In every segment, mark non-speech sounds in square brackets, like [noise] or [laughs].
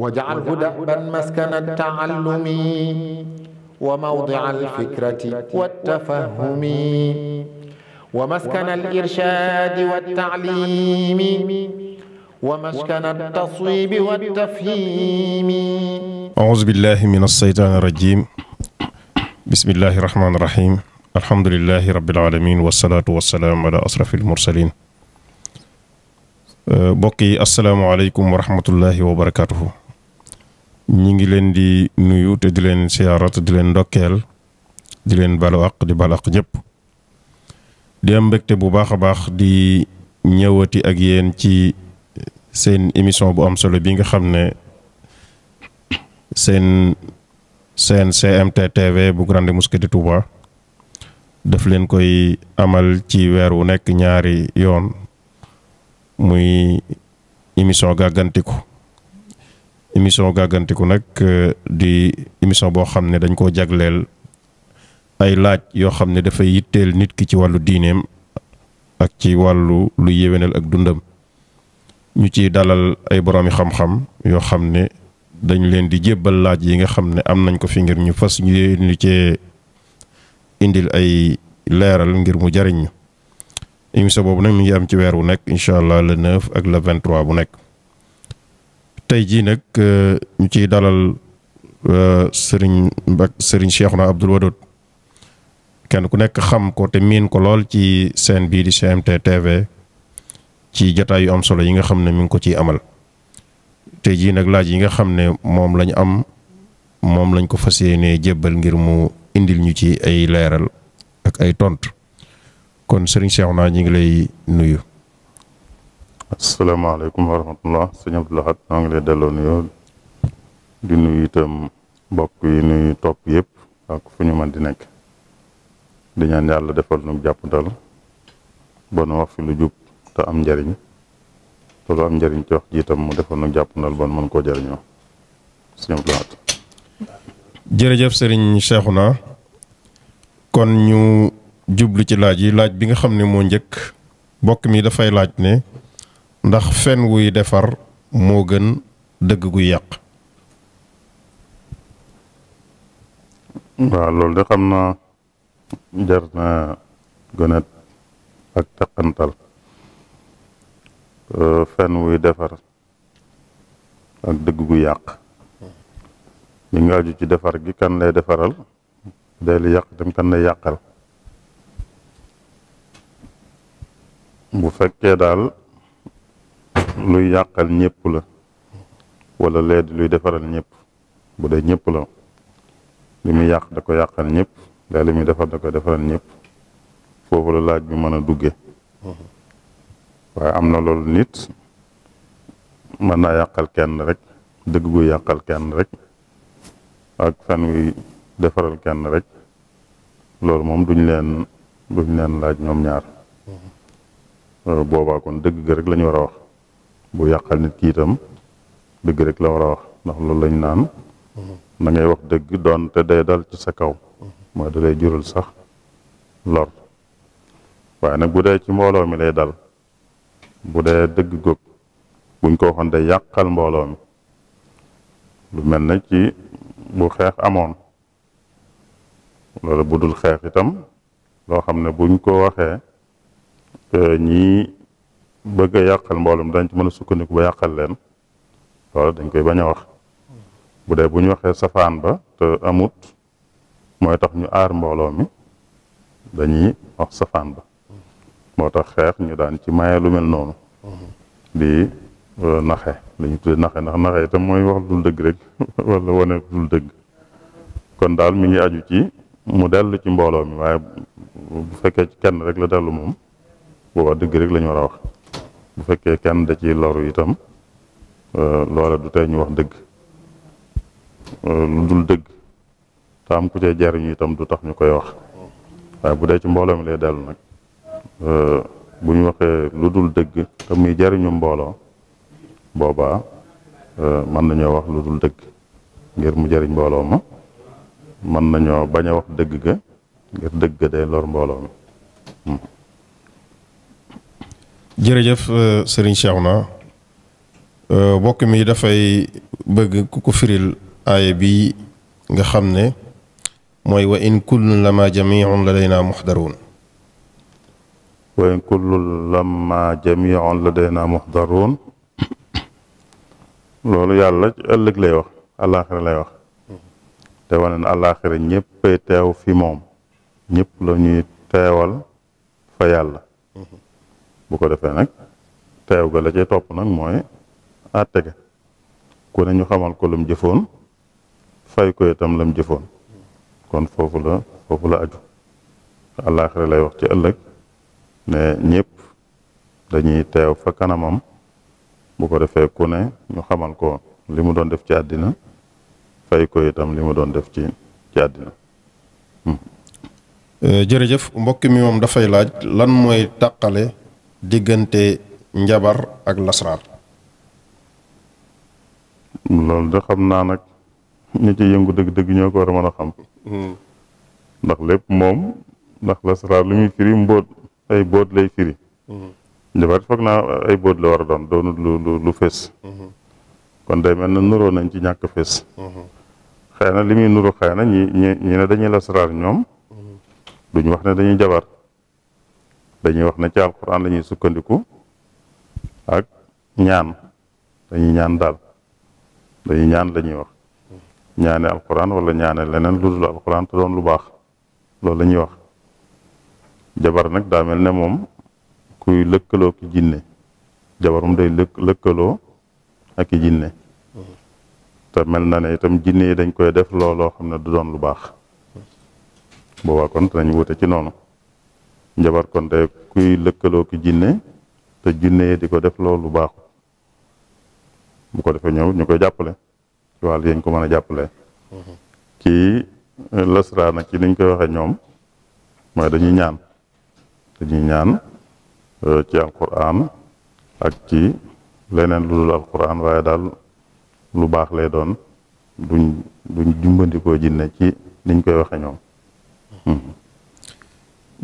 واجعله دأبا مسكن التعلم وموضع الفكرة والتفهم ومسكن الإرشاد والتعليم ومسكن التصويب والتفهيم أعوذ بالله من الشيطان الرجيم بسم الله الرحمن الرحيم الحمد لله رب العالمين والصلاة والسلام على أشرف المرسلين بقي السلام عليكم ورحمة الله وبركاته ñi ngi leen di nuyu te di leen siyaarat di leen ndokkeel di leen balu àq di balu àq ñëpp di am mbégte bu baax a baax di ñëwati ak yéen ci seen émission bu am solo bi nga xam ne seen seen CMT bu Grande Mosquée de Touba daf leen koy amal ci weer wu nekk ñaari yoon muy émission gàggantiku émission gàggantiku nag euh, di émission boo xam ne dañ koo jagleel ay laaj yoo xam ne dafay yitteel nit ki ci wàllu diineem ak ci wàllu lu yéwénal ak dundam ñu ciy dalal ay boroomi xam-xam yoo xam ne dañ leen di jébbal laaj yi nga xam ne am nañ ko fi ngir ñu fas ñu ñu cee indil ay leeral ngir mu jariñ ñu émission boobu nag mu ngi am ci weer wu nekk incha allah le 9 ak le 23 bu nekk. tey jii nag euh, ñu ciy dalal euh, sëriñ Mbak sëriñ Cheikhouna Abdoul Wadoud kenn ku nekk xam ko te miin ko lool ci seen bii di GMT TV ci jataay yu am solo yi nga xam ne mi ngi ko ciy amal tey jii nag laaj yi nga xam ne moom lañ am moom lañ ko fas yéenee jébbal ngir mu indil ñu ci ay leeral ak ay tont kon sëriñ Cheikhouna ñu ngi lay nuyu. asalaamaaleykum wa rahmatullah sëñ Abdou Lahad maa ngi lay delloo nuyoo di nuyu itam mbokk yi nuyu topp yëpp ak fu ñu mën di nekk di ñaan yàlla defal nu jàpp dal ba nu wax fi lu jub te am njariñ te lu am njariñ itam mu defal nu jàpp dal ba nu koo jariñoo sëñ Abdou Lahad jërëjëf sëriñ Cheikhouna kon ñu jublu ci laaj yi laaj bi nga xam ne moo njëkk mbokk mi dafay laaj ne ndax fen wuy defar moo gën dëgg guy yàq waaw loolu de xam naa jar na gonet ak teqantal euh, fen wuy defar ak dëgg gu yàq li nga ci defar gi kan lay defaral day li yàq tam kan la yàqal bu fekkee daal luy yàqal ñëpp la walla lee di luy defaral ñëpp bu de ñëpp la li muy yàq da ko yàqal ñëpp daa li muy defar da ko defaral ñëpp foofu la laaj bi mën a dugge waaye am na loolu nit mën naa yàqal kenn rek dëgg gu yàqal kenn rek ak fen wi defaral kenn rek loolu moom duñ leen duñ leen laaj ñoom ñaar mm-hmm. euh, boobaa kon dëgg ga rek lañu ñu war a wax bu yàqal nit ki itam dëgg rek la war wax ndax loolu lañ naan da mhm. ngay wax dëgg doon te day dal ci sa kaw mhm. mooy da lay jural sax lor waaye nag bu dee ci mbooloo mi lay dal bu dee dëgg góog buñ ko waxoon day yàqal mbooloo mi lu mel na ci bu xeex amoon loolu bu dul xeex itam loo xam ne buñ ko waxee ñii bëgg a yàqal mboolum dañ ci mën a sukkandiku ba yàqal leen loolu dañ koy bañ a wax bu dee bu ñu waxee safaan ba te amut mooy tax ñu aar mbooloo mi dañuy wax safaan ba moo tax xeex ñu daan ci maye lu mel noonu di euh, naxe lañu ñu tuddee naxe ndax naxe itam mooy wax dul dëgg rek [laughs] wala wane dul dëgg kon daal mi ngi aju ci mu dellu ci mbooloo mi waaye bu fekkee ci kenn rek la dellu moom booba dëgg rek la ñu war a wax bu fekkee kenn da ci loru itam euh, loola du tey ñu wax dëgg euh, lu dul dëgg te ku cee jariñu itam du tax ñu koy wax waaye bu dee ci mbooloo mi lay dellu nag euh, bu ñu waxee lu dul dëgg te muy jariñu mbooloo boobaa mën nañoo wax lu dul dëgg ngir mu jariñ mbooloo ma mën nañoo bañ a wax dëgg ga ngir dëgg ga day lor mbooloo mi hmm. jërëjëf euh, sëriñ Cheikhouna euh, mbokk mi dafay bëgg ku ko firil aaya bi nga xam ne mooy wa in kullun lama jamiun ladaynaa muxdaruun wa in kullun lama jamiun ladaynaa muxdaruun loolu yàlla ëllëg lay wax àllaaxira lay wax te wane na àllaaxira ñëppay teew fi moom ñëpp la ñuy teewal fa yàlla bu ko defee nag teew ga la cay topp nag mooy àtte tege ku ne ñu xamal ko lam jëfoon fay ko itam lam jëfoon kon foofu la foofu la aju àllaaxira lay wax ci ëllëg ne ñëpp dañuy teew fa kanamam bu ko defee ku ne ñu xamal ko li mu doon def ci àddina fay ko itam li mu doon def ci ci àddina hmm. eh, jërëjëf mbokk mi moom dafay laaj lan mooy tàqale diggante njabar ak lasraar loolu de xam naa nag ñi ci yëngu dëgg-dëgg ñoo ko war a mën a xam hmm. ndax lépp moom ndax lasraar lu muy firi mbóot ay bóot lay firi hmm. njabar foog naa ay bóot la war a doon doonul lu lu fees hmm. kon day mel na nuroo nañ ci ñàkk fees xëy li muy nuru xëy na ñi ñi ne dañuy lasraar ñoom duñ wax ne dañuy jabar dañuy wax ne ci alquran la sukkandiku ak ñaan dañuy ñaan daal dañuy ñaan lañuy wax ñaane alquran wala ñaane leneen lu dul alquran te doon lu baax loolu la wax jabar nag daa mel ne moom kuy lëkkaloo ki jabarum day lëkk lëkkaloo ak i jinne te mel na ne itam jinne yi dañ koy def looloo xam ne du doon lu baax boobaa kon danañ wute ci noonu njabar kon de kuy lëkkaloo ki jinne te jinne di ko def loolu baaxut bu ko defee ñëw ñu koy jàppale ci wàll yañ ko mën a jàppale kii eh, lasra ci niñ koy waxee ñoom mooy dañuy ñaan dañuy ñaan eh, ci alquran ak ci leneen lu dul alquran waaye daal lu baax lay doon duñ duñ jumbandikoo jinne ci niñ koy waxe ñoom hmm.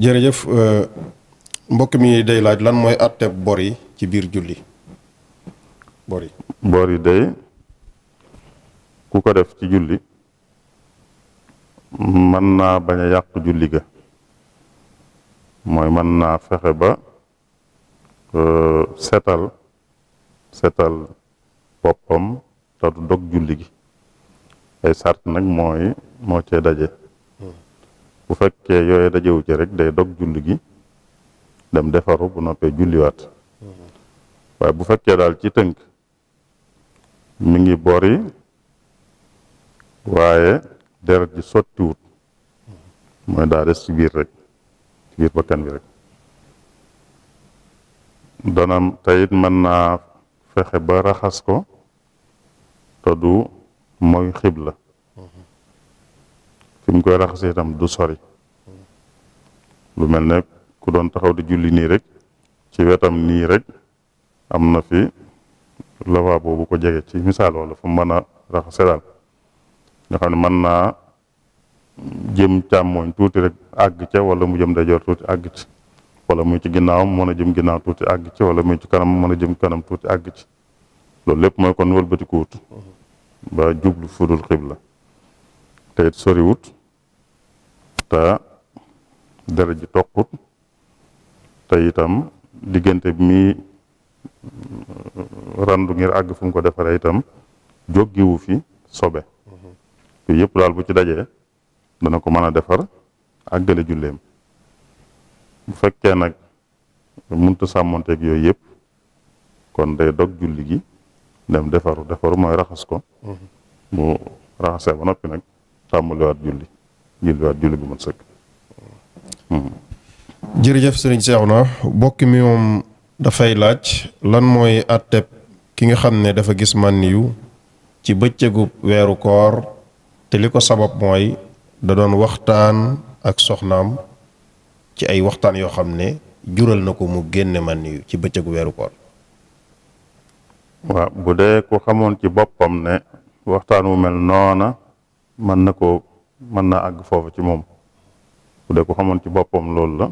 jërëjëf euh, mbokk mi day laaj lan mooy ate bor ci biir julli bori yi bor day ku ko def ci julli mën naa bañ yàq julli ga mooy mën naa fexe ba euh, setal setal boppam te du dog julli gi ay sart nag mooy moo cee daje bu fekkee yooyu dajewu ci rek day dog julli gi dem defaru bu noppee julliwaat waaye bu fekkee daal ci tënk mi ngi bori waaye deret ji sottiwut mooy daa des ci biir rek ci bakkan bi rek dana tayit mën naa fexe ba raxas ko te du mooy xibla mu koy raxasee itam du sori lu mel ne ku doon taxaw di julli nii rek ci wetam nii rek am na fi lawa boobu ko jege ci misaal wala fu mën a raxase daal nga xam ne mën naa jëm càmmooñ tuuti rek àgg ca wala mu jëm dajoor tuuti àgg wala muy ci ginnaawam mën a jëm ginnaaw tuuti àgg ci wala muy ci kanam mën a jëm kanam tuuti àgg ci loolu lépp mooy kon wëlbatikuwut ba jublu fudul xibla te it soriwut musta dara ji toqut te itam diggante bi muy euh, randu ngir àgg fu ko defaree itam jóggiwu fi sobe yooyu yëpp daal bu ci dajee dana ko mën a defar àggale julleem bu fekkee nag munta sàmmonteeg yooyu yëpp kon day dog julli gi dem defaru defaru mooy raxas ko bu raxasee ba noppi nag tàmbaliwaat julli julliwaat julli gu mën sëkk. Hmm. jërëjëf sëriñ Seexuna bokk mi moom dafay laaj lan mooy àtteb ki nga xam ne dafa gis mànniyu ci bëccëgu weeru koor te li ko sabab mooy da doon waxtaan ak soxnaam ci ay waxtaan yoo xam ne jural na ko mu génne mànniyu ci bëccëgu weeru koor. waaw bu dee ku xamoon ci boppam ne waxtaan wu mel noona mën na ko mën na àgg foofu ci moom bu dee ku xamoon ci boppam loolu la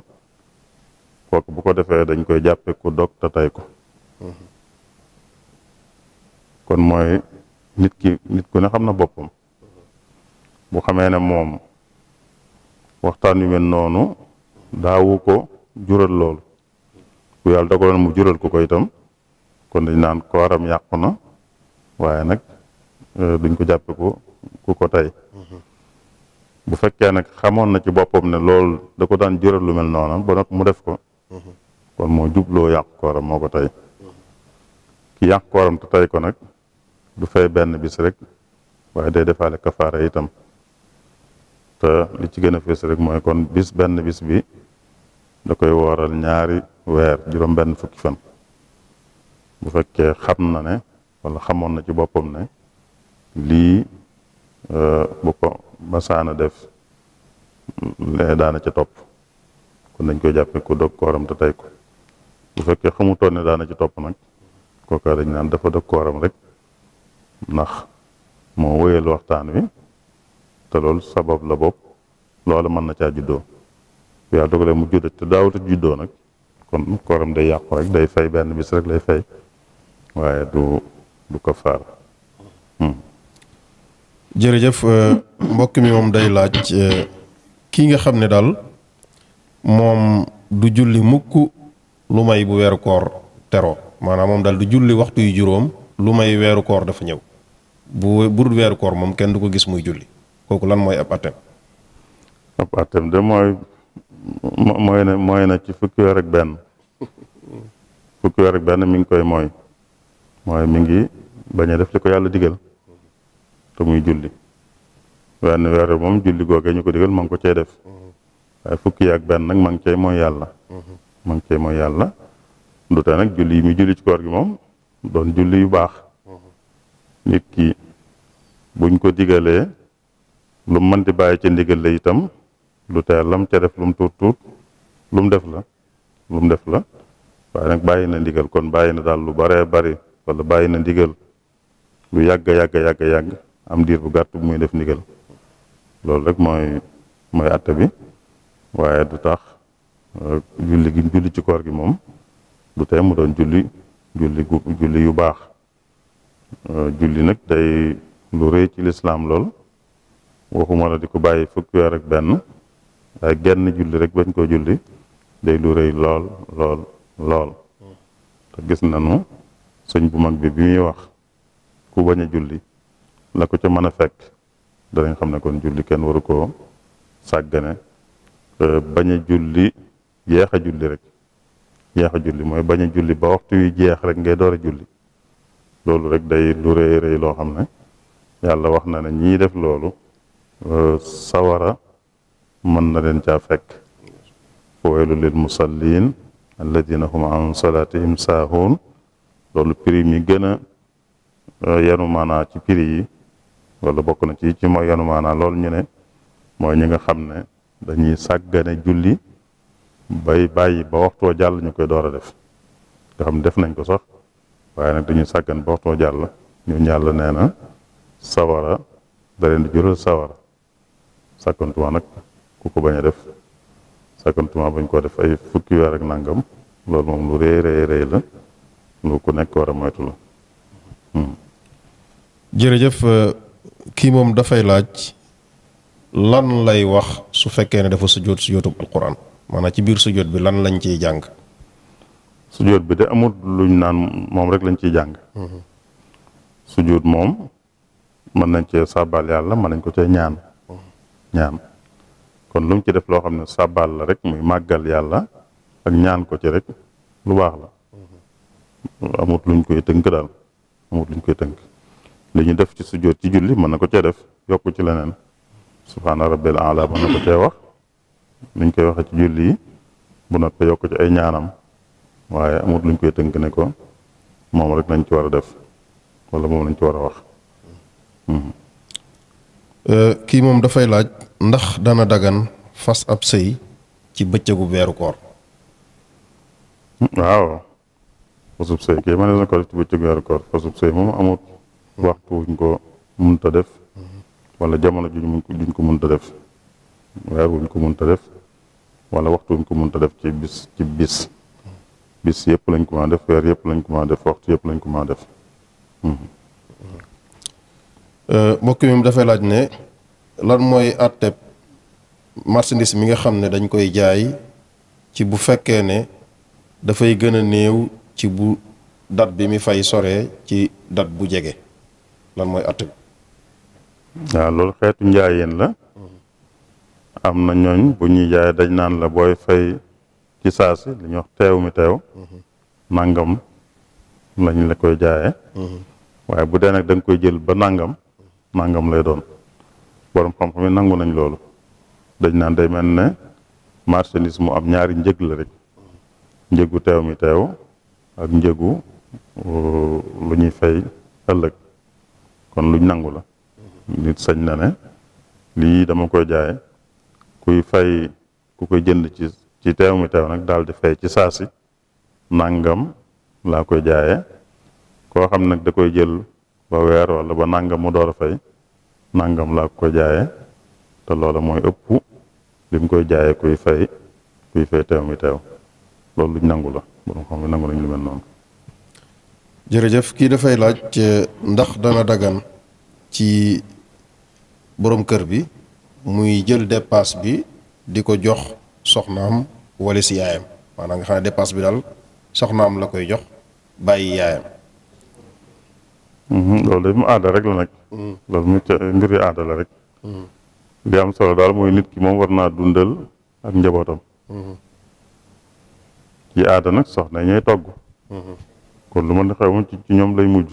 kooku bu ko defee dañ koy jàppe ku dog te tey ko kon mooy nit ki nit ku ne xam na boppam bu xamee ne moom waxtaan wi mel noonu daawu ko jural loolu ku yàlla dogaloon mu jural ko ko itam kon dañ naan kooram yàqu na waaye nag euh, duñ ko jàppe ku ko tey mm-hmm. bu fekkee nag xamoon na ci boppam ne lool da ko daan jural lu mel noonu ba noppi mu def ko kon moo jubloo yàq kooram moo ko tey ki yàq kooram te tey ko nag du fay benn bis rek waaye day defaale kafaara itam te li ci gën a fees rek mooy kon bis benn bis bi da koy woral ñaari weer juróom benn fukki fan bu fekke xam na ne wala xamoon na ci boppam ne lii Euh, bu ko masaana def lee daana ca topp kon dañ koy jàppe ku dog kooram te tey ko bu fekkee xamutoon ne daana ca topp nag kooka dañ naan dafa dog kooram rek ndax moo wéyal waxtaan wi te loolu sabab la bopp loolu mën na caa juddoo yaa dogalee mu da te daawut a juddoo nag kon kooram day yàqu rek day fay benn bis rek lay fay waaye du du jërëjëf euh, mbokk mi moom day laaj euh, kii nga xam ne daal moom du julli mukk lu may bu weeru koor teroo maanaam moom daal du julli waxtu yu juróom lu may weeru koor dafa ñëw bu budul weeru koor moom kenn du ko gis muy julli kooku lan mooy ab atem ab atem de mooy mooy ne mooy na ci fukki weer ak benn [laughs] fukki weer ak benn mi ngi koy mooy mooy mi ngi bañ def li ko yàlla digal te muy julli wenn weer moom julli googee ñu ko digal ma ngi ko cay def waaye fukki ak benn nag ma ngi mooy yàlla ma ngi cay mooy yàlla du tee nag julli yi julli ci koor gi moom doon julli yu baax nit ki buñ ko digalee lu mën di bàyyi ca ndigal la itam lu tee lam ca def lum mu tuut tuut lu def la lu def la waaye nag bàyyi na ndigal kon bàyyi na daal lu baree bari wala bàyyi na ndigal lu yàgg yàgg yàgg yàgg am diir bu gàtt bu muy def ndigal loolu rek mooy mooy atte bi waaye du tax euh, julli gi julli ci koor gi moom du tey mu doon julli julli gu yu baax euh, julli nag day lu rëy ci lislaam lool waxuma la di ko bàyyi fukki weer ak benn waaye genn julli rek bañ koo julli day lu rëy lool lool lool gis nañu sëñ bu mag bi bi muy wax ku bañ julli la ko ca mën a fekk danañ xam ne kon julli ken waru ko sàggane euh, bañ a julli yeex a julli rek yeex a julli mooy bañ a julli ba waxtu wi jeex rek ngay door a julli loolu rek day lu rëy rëy loo xam ne yàlla wax na ne ñii def loolu euh, sawara mën na leen caa fekk waylu lil musallin alladina hum an salatihim saahuun loolu prix mi gën a euh, yenu ci prix yi loolu bokk na ci ci mooy yanu maanaa loolu ñu ne mooy ñi nga xam ne dañuy sàggane julli bay bàyyi ba waxtoo jàll ñu koy door a def nga xam def nañ ko sax waaye nag dañuy sàggan ba waxtoo jàll ñu ñàll nee na sawara da leen di jural sawara sàkkantuma nag ku ko bañ a def sàkkantuma bañ koo def ay fukki weer ak nangam loolu moom lu rëy rëy rëy la lu ku nekk war a moytu la hmm. jërëjëf euh, kii moom dafay laaj lan lay wax su fekkee ne dafa sujjóot sujjóotub alquran maanaam ci biir sujjóot bi lan lañ ciy jàng. sujjóot bi de amut luñ naan moom rek lañ ciy jàng. Mhm. moom mën nañ cee sàbbaal yàlla mën nañ ko cee ñaan. Mhm. ñaan kon lum ci def loo xam ne sàbbaal la rek muy màggal yàlla ak ñaan ko ci rek lu baax la. Mhm. amut luñ koy tënk daal amut luñ koy tënk. li ñu def ci sujjóot ci julli mën na ko cee def yokku ci leneen subhaana rabbil aala mën na ko cee wax luñ koy waxee ci julli yi bu noppee yokk ci ay ñaanam waaye amut luñ koy tënk ne ko moom rek lañ ci war a def wala moom lañ ci war a wax. Hmm. Euh, kii moom dafay laaj ndax dana dagan fas ab sëy ci bëccëgu weeru koor. Hmm, waaw fasub sëy kii ma ne ko def sëy moom amut. waxtu wuñ ko munta def wala jamono juñ juñ ko munta def weer wuñ ko munta def wala waxtu wuñ ko munta def ci bis ci bis bis yëpp lañ ko mën def weer yëpp lañ ko mën def waxtu yëpp lañ ko mën a def euh, mbokk mi dafay laaj ne lan mooy àtteb marchandise mi nga xam ne dañ koy jaay ci bu fekkee ne dafay gën a néew ci bu dat bi muy fay sore ci dat bu jege lan mooy àtte bi loolu xeetu njaayeen la am na ñooñ bu ñuy jaayee dañ naan la booy fay ci saasi li ñuy wax teew mi teew nangam lañ la koy jaayee waaye bu dee nag da koy jël ba nangam nangam lay doon borom xam-xam yi nangu nañ loolu dañ naan day mel ne marchandise mu am ñaari njëg la rek njëgu teew mi teew ak njëgu uh, lu ñuy fay ëllëg kon luñ nangu la nit sañ na ne lii dama koy jaaye kuy fay ku koy jënd ci ci teew mi teew nag daal di fay ci saasi nangam laa koy jaaye koo xam nag da koy jël ba weer wala ba nangam mu door a fay nangam laa koy jaaye te loola mooy ëpp li koy jaaye kuy fay kuy fay teew mi teew loolu luñ nangu la borom xam ne nangu lañ noonu jërëjëf kii dafay laaj eh, ndax dana dagan ci boroom kër bi muy jël dépasse bi di ko jox soxnaam wala si yaayam maanaam nga xam ne dépasse bi daal soxna am la koy jox bàyyi yaayam. Mhm, loolu mu aada rek la nag. Mm. loolu mu mbir yi aada la rek. Mm. li am solo daal mooy nit ki moom war naa dundal ak njabootam. Mm-hmm. ci aada nag soxna ñooy togg. Mm-hmm. kon lu mën a xew moom ci ñoom lay mujj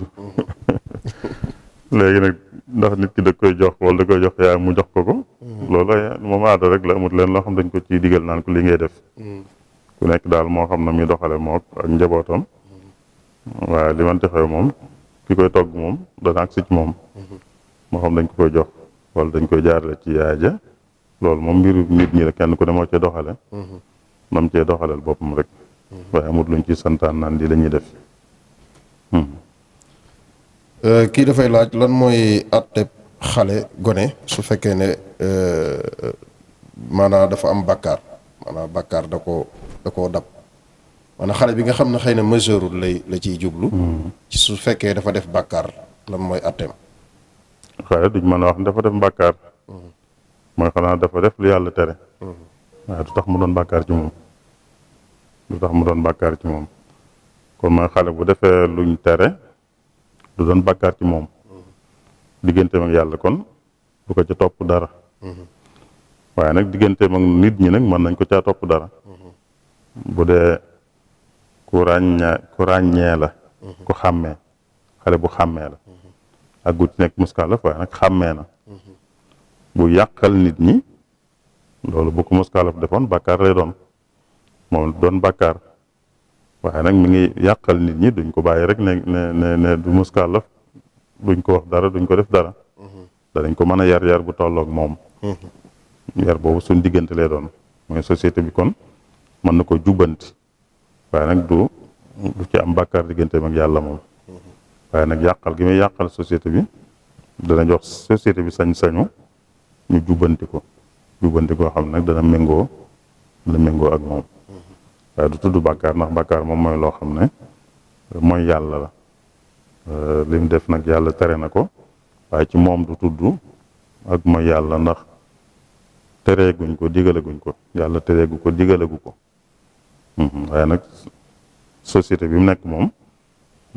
[laughs] léegi nag ndax nit ki da koy jox wala da koy jox yaay mu jox ko ko mm-hmm. loolu ay moom aada rek la amut leen loo xam dañ ko ciy digal naan ko li ngay def mm-hmm. ku nekk daal moo xam na muy doxale mook ak njabootam mm-hmm. waaye li mënti xew moom ki koy togg moom dana ak moom moo xam dañ ko koy jox wala dañ koy jaarale ci yaay ja loolu moom mbir nit ñi la kenn ku demoo moo cee doxale nam cee doxaleel boppam rek waaye amut luñ ci santaan naan lii la ñuy def Euh, kii dafay laaj lan mooy àtteb xale gone su fekkee ne euh, maanaam dafa am bàkkaar maanaam bàkkaar da ko da koo dab maanaam xale bi nga xam ne xëy na majeurul lay la ciy jublu. Mm-hmm. su fekkee dafa def bàkkaar lan mooy àtteem. waaye duñ mën a wax dafa def bàkkaar. Mm-hmm. mooy xanaa dafa def lu yàlla tere. Mm-hmm. du tax mu doon bàkkaar ci moom. du tax mu doon bàkkaar ci moom. kon xale bu defee luñ tere du doon bàkkaar ci moom diggante ak yàlla kon du ko ca topp dara waaye nag diggante ak nit ñi nag mën nañ ko caa topp dara bu dee ku ràññee ku ràññee la ku xàmmee xale bu xàmmee la ak gu ci nekk muskaalaf waaye nag xàmmee na bu yàqal nit ñi loolu bu ko muskaalaf defoon bàkkaar lay doon moom doon bàkkaar waaye nag mi ngi yàqal nit ñi duñ ko bàyyi rek ne ne ne ne du muskàllaf duñ ko wax dara duñ ko def dara danañ ko mën a yar yar bu tolloog moom yar boobu suñ diggante lay doon mooy société bi kon mën na ko jubbanti waaye nag du du ci am bakar diggante ak yàlla moom waaye nag yàqal gi muy yàqal société bi dana jox société bi sañ-sañu ñu jubbanti ko jubbanti koo xam nag dana méngoo dana méngoo ak moom waaye euh, du tudd bàkkaar ndax bàkkaar moom mooy loo xam ne euh, mooy yàlla la euh, li mu def nag yàlla tere na ko waaye ci moom du tudd ak mooy yàlla ndax guñ ko digalaguñ ko yàlla tereegu ko digalagu ko mhm. waaye nag société bi mu nekk moom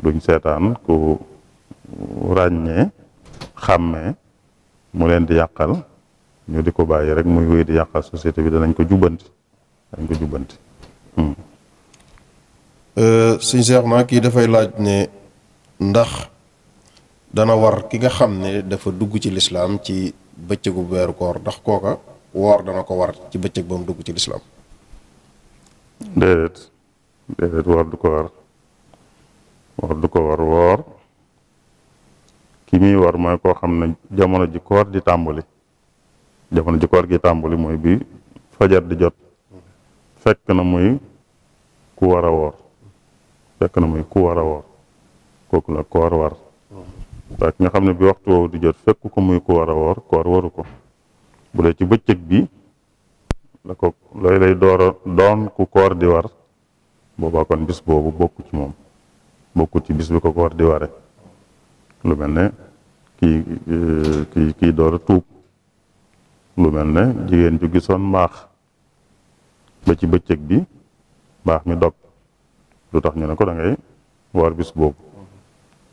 duñ seetaan ku ràññee xàmmee mu leen di yàqal ñu di ko bàyyi rek muy wéy di yàqal société bi danañ ko jubbanti dañ ko jubbanti Euh, suñ seex naa kii dafay laaj ne ndax dana war ki nga xam ne dafa dugg ci lislaam ci bëccëgu weeru koor ndax kooka woor dana ko war ci bëccëg ba mu dugg ci lislaam déedéet déedéet woor du ko war woor du ko war woor ki muy war mooy koo xam ne jamono ji koor di tàmbali jamono ji koor gi tàmbali mooy bi fajar di jot fekk na muy ku war a woor fekk na muy ku war a woor kooku la koor war waaye ki nga xam ne bi waxtu woowu di jot fekk ko muy ku war a woor koor waru ko bu dee ci bëccëg bi la ko looy lay door doon ku koor di war boobaa kon bis boobu bokku ci moom bokku ci bis bi ko koor di ware lu mel ne kii kii kii tuub lu mel ne jigéen ju gisoon mbaax ba ci bëccëg bi baax mi dog lu tax ñu ne ko da ngay woor bis boobu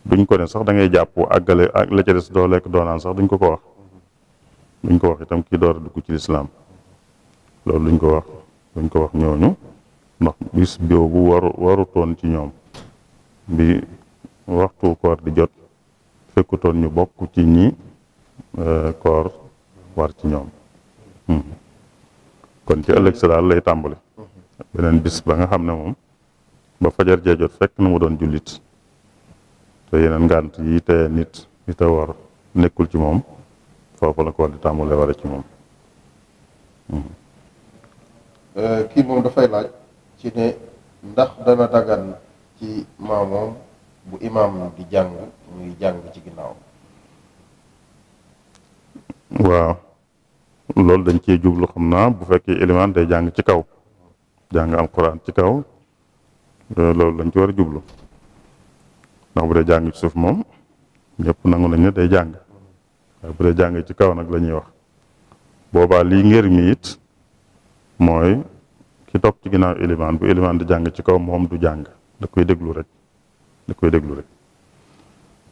duñ ko ne sax da ngay jàpp àggale ak la ca des doo lekk doonaan sax duñ ko ko wax duñ ko wax itam kii door a dugg ci lislaam loolu duñ ko wax duñ ko wax ñooñu ndax bis boobu waru warutoon ci ñoom bi waxtu koor di jot fekkutoon ñu bokk ci ñi euh, koor war ci ñoom hmm. kon ci ëllëg sa daal lay tàmbali beneen bis ba nga xam ne moom ba fajar jee fekk na mu doon jullit te yeneen ngànt yi te nit yi te war nekkul ci moom foofu la ko war di tàmbale wara ci moom hmm. euh, kii moom dafay laaj ci ne ndax dana dagan ci maamoom bu imaam di jàng muy jàng ci ginnaaw waaw loolu dañ cee jublu xam naa bu fekkee ilimaan day jàng ci kaw jàng alquran ci kaw euh, loolu dañ ci war a jublu ndax bu dee jàng ci suuf moom ñëpp nangu nañ ne day jàng waaye bu dee jàng ci kaw nag lañuy wax boobaa lii ngër mi mooy ki topp ci ginnaaw ilimaan bu ilimaan di jàng ci kaw moom du jàng da koy déglu rek da koy déglu rek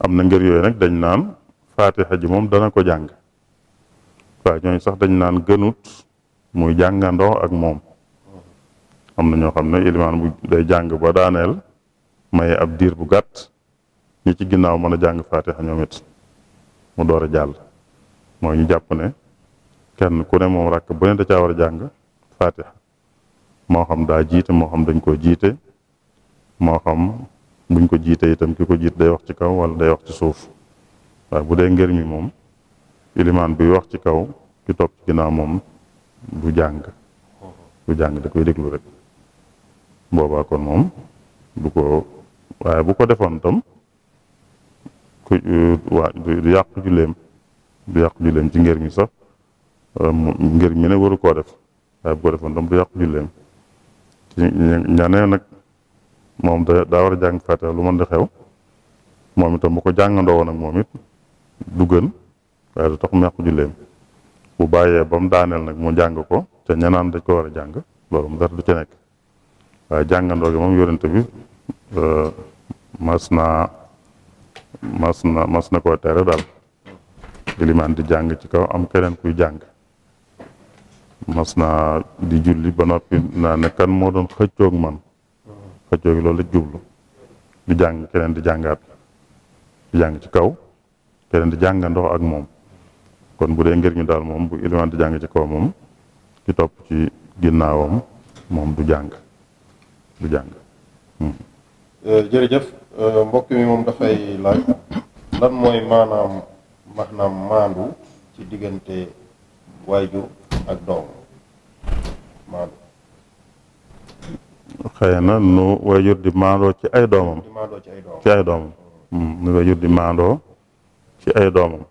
am na ngër yooyu nag dañ naan faatixa ji moom dana ko jàng waa ñooñu sax dañ naan gënut muy jàngandoo ak moom am na ñoo xam ne ilimaan bu day jàng ba daaneel maye ab diir bu gàtt ñi ci ginnaaw mën a jàng faatixa ñoom it mu door a jàll mooy ñu jàpp ne kenn ku ne moom rakk bu ne da caa a jàng faatixa moo xam daa jiite moo xam dañ ko jiite moo xam buñ ko jiite itam ki ko jiite day wax ci kaw wala day wax ci suuf waaye bu dee ngër moom ilimaan bi wax ci kaw ki topp ci ginnaaw moom du jàng du jàng da koy déglu rek boobaa kon moom du ko waaye bu ko defoon tam ku waa du yàq julleem du yàq ci ngër mi sax euh, ngër mi ne waru koo def waaye bu ko defoon tam du yàq julleem ci nag moom da daa war a jàng fàtte lu mën di xew moom itam bu ko jàngandoo woon ak moom it du gën waaye du tax mu yàqu julleem bu bàyyee bam mu daaneel nag mu jàng ko te ñanaan dañ ko war a jàng loolu mu du ci nekk waaye jàngandoo gi moom yonente bi euh, mas naa mas na mas na koo tere daal ilimaan jàng ci kaw am keneen kuy jàng mas naa di julli ba noppi moo doon xëccoog man xëccoog loolu jublu di jàng keneen di jàngaat di jàng ci kaw keneen di jàngandoo ak moom kon bu dee ngir mi daal moom bu ilimaan di jàng ci kaw moom ki topp ci ginnaawam moom du jàng du jàng. Hmm. Euh, jërëjëf euh, mbokk mi moom dafay laaj lan mooy maanaam maandu ci diggante waajur ak doom maandu. na nu waajur di maandoo ci ay doomam. ci ay doomam. Hmm, nu waajur di maandoo ci ay doomam.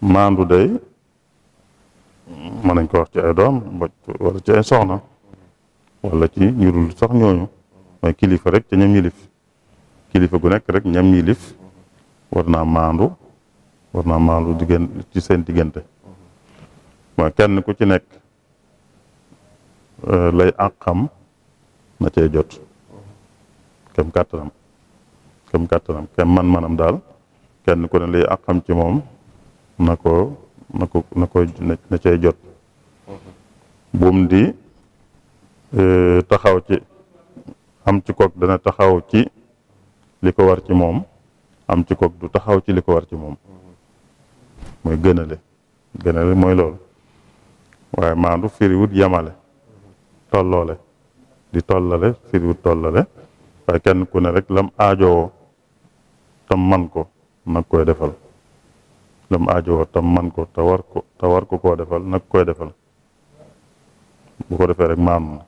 maandu day mën nañ ko wax ci ay doom wala ci ay soxna wala ci ñu sax ñooñu mooy kilifa rek ca ñam yilif kilifa gu nekk rek ñam yilif war naa maandu war naa maandu diggante ci seen diggante mooy kenn ku ci nekk euh, lay àqam na cay jot kem kàttanam kem man-manam daal kenn ku ne lay àqam ci moom na ko nako ko na ko na cay jot buum di e, taxaw ci am ci kook dana taxaw ci li ko war ci moom am ci kook du taxaw ci li ko war ci moom mooy gënale gënale mooy lool waaye maandu firiwut yamale tolloole di tollale firiwut tollale waaye kenn ku ne rek lam aajowoo tam man ko nag koy defal lam aajowoo tam man ko ta war ko ta war ko koo defal nag koy defal bu ko defee rek maanu na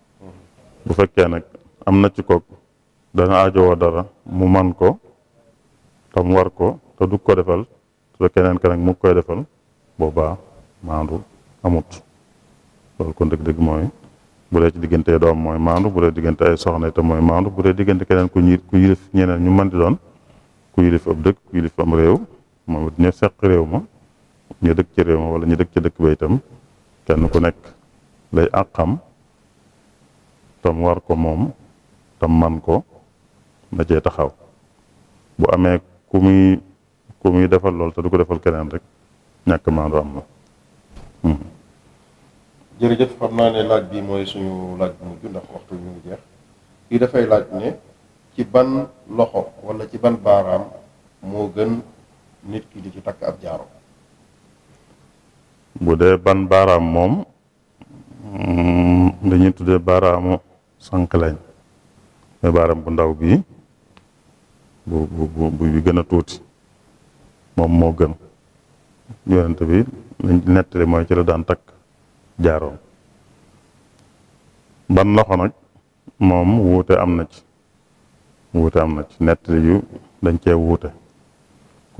bu fekkee nag am na ci kook dana aajowoo dara mu man ko tam war ko te du ko defal te keneen ka nag mu koy defal boobaa maandu amut loolu kon dëgg-dëgg mooy bu dee ci diggante mooy maandu bu dee diggante ay soxna itam mooy maandu bu dee diggante keneen ku ñi ku yilif ñeneen ñu mën di doon ku yilif ab dëkk ku yilif am réew moom it ña seq réew ma ñu dëkk ci réew ma wala ñu dëkk ci dëkk ba itam kenn ku nekk lay àqam tam war ko moom tam man ko na cee taxaw bu amee ku muy ku defal lool te du ko defal keneen rek ñàkk maandu am na. Hmm. jërëjëf xam naa ne laaj bi mooy suñu laaj bu mujj ndax waxtu ñu ngi jeex kii dafay laaj ne ci ban loxo walla ci ban baaraam moo gën nit ki di ci takk ab jaaro bu dee ban baaraam moom mm, dañuy tuddee baaraamu sànq lañ baaraam bu ndaw bii bu bu bu bi gën a tuuti moom moo gën yonent bi lañ nettali mooy ci la daan takk jaaroom ban loxo nag moom wuute am na ci wuute am na ci nettali yu dañ cee wuute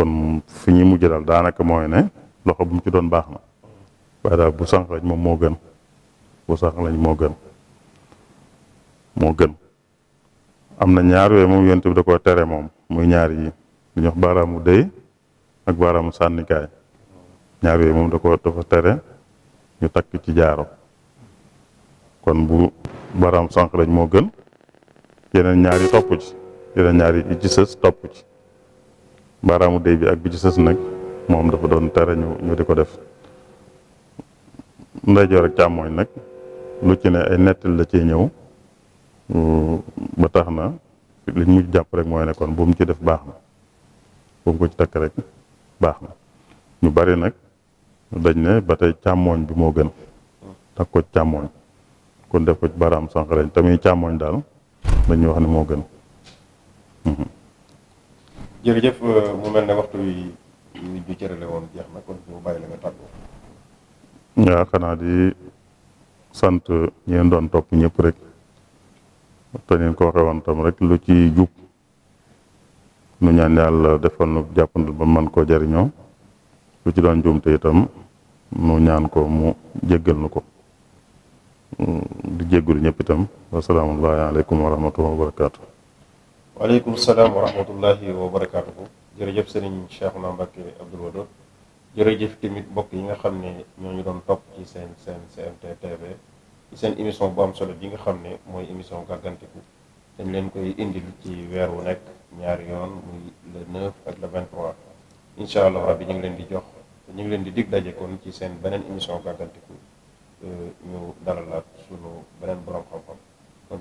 kon fi ñu mu daal daanaka mooy na loxo bu ci doon baax na waaye daal bu sànq lañ moom moo gën bu sànq moo gën moo gën am na ñaar yooyu moom yonent bi da koo tere moom muy ñaar yi li ñuy wax dëy ak baaraamu sànnikaay ñaar yooyu moom da ko dafa tere ñu takk ci jaaro kon bu baaraam sànq lañ moo gën yeneen ñaar yi topp ci yeneen ñaar yi ci sës ci baaraamu déy bi ak bi ci sës nag moom dafa doon tere ñu ñu di ko def ndeyjoor ak càmmooñ nag lu ci ne ay nettal la ciy ñëw ba tax na liñ mu jàpp rek mooy ne kon mu ci def baax na bu mu ko ci takk rek baax na ñu bari nag dañ ne ba tey càmmooñ bi moo gën takk ko càmmooñ kon def ko ci baaraam sànq lañ tamit càmmooñ daal dañuy wax ne moo gën jërëjëf euh, mu mel ne waxtu wi ñu cërale woon jeex na kon ñu bàyyi la nga tàggoo. waaw xanaa di sant ñeen doon topp ñëpp rek te neen ko waxee tam rek lu ci jub nu ñaan yàlla defal nu jàppandal ba man koo jariñoo lu ci doon juumte itam nu ñaan ko mu jéggal nu ko mm, di jéggul ñëpp itam wasalaamu aleykum wa rahmatullahi wa barakaatu waaleykum salaam wa rahmatullahi wa barakaatuhu jërëjëf sëriñ Cheikhouna Mbacké Abdoul Wadoud jërëjëf tamit mbokk yi nga xam ne ñoo ñu doon topp ci seen seen GMT TV ci seen émission bu am solo bi nga xam ne mooy émission gàggantiku dañ leen koy indil ci weer wu nekk ñaari yoon muy le 9 ak le 23 incha allah rabbi ñu ngi leen di jox ñu ngi leen di dig daje kon ci seen beneen émission gàggantiku euh, ñu dalalaat sunu beneen borom xam-xam kon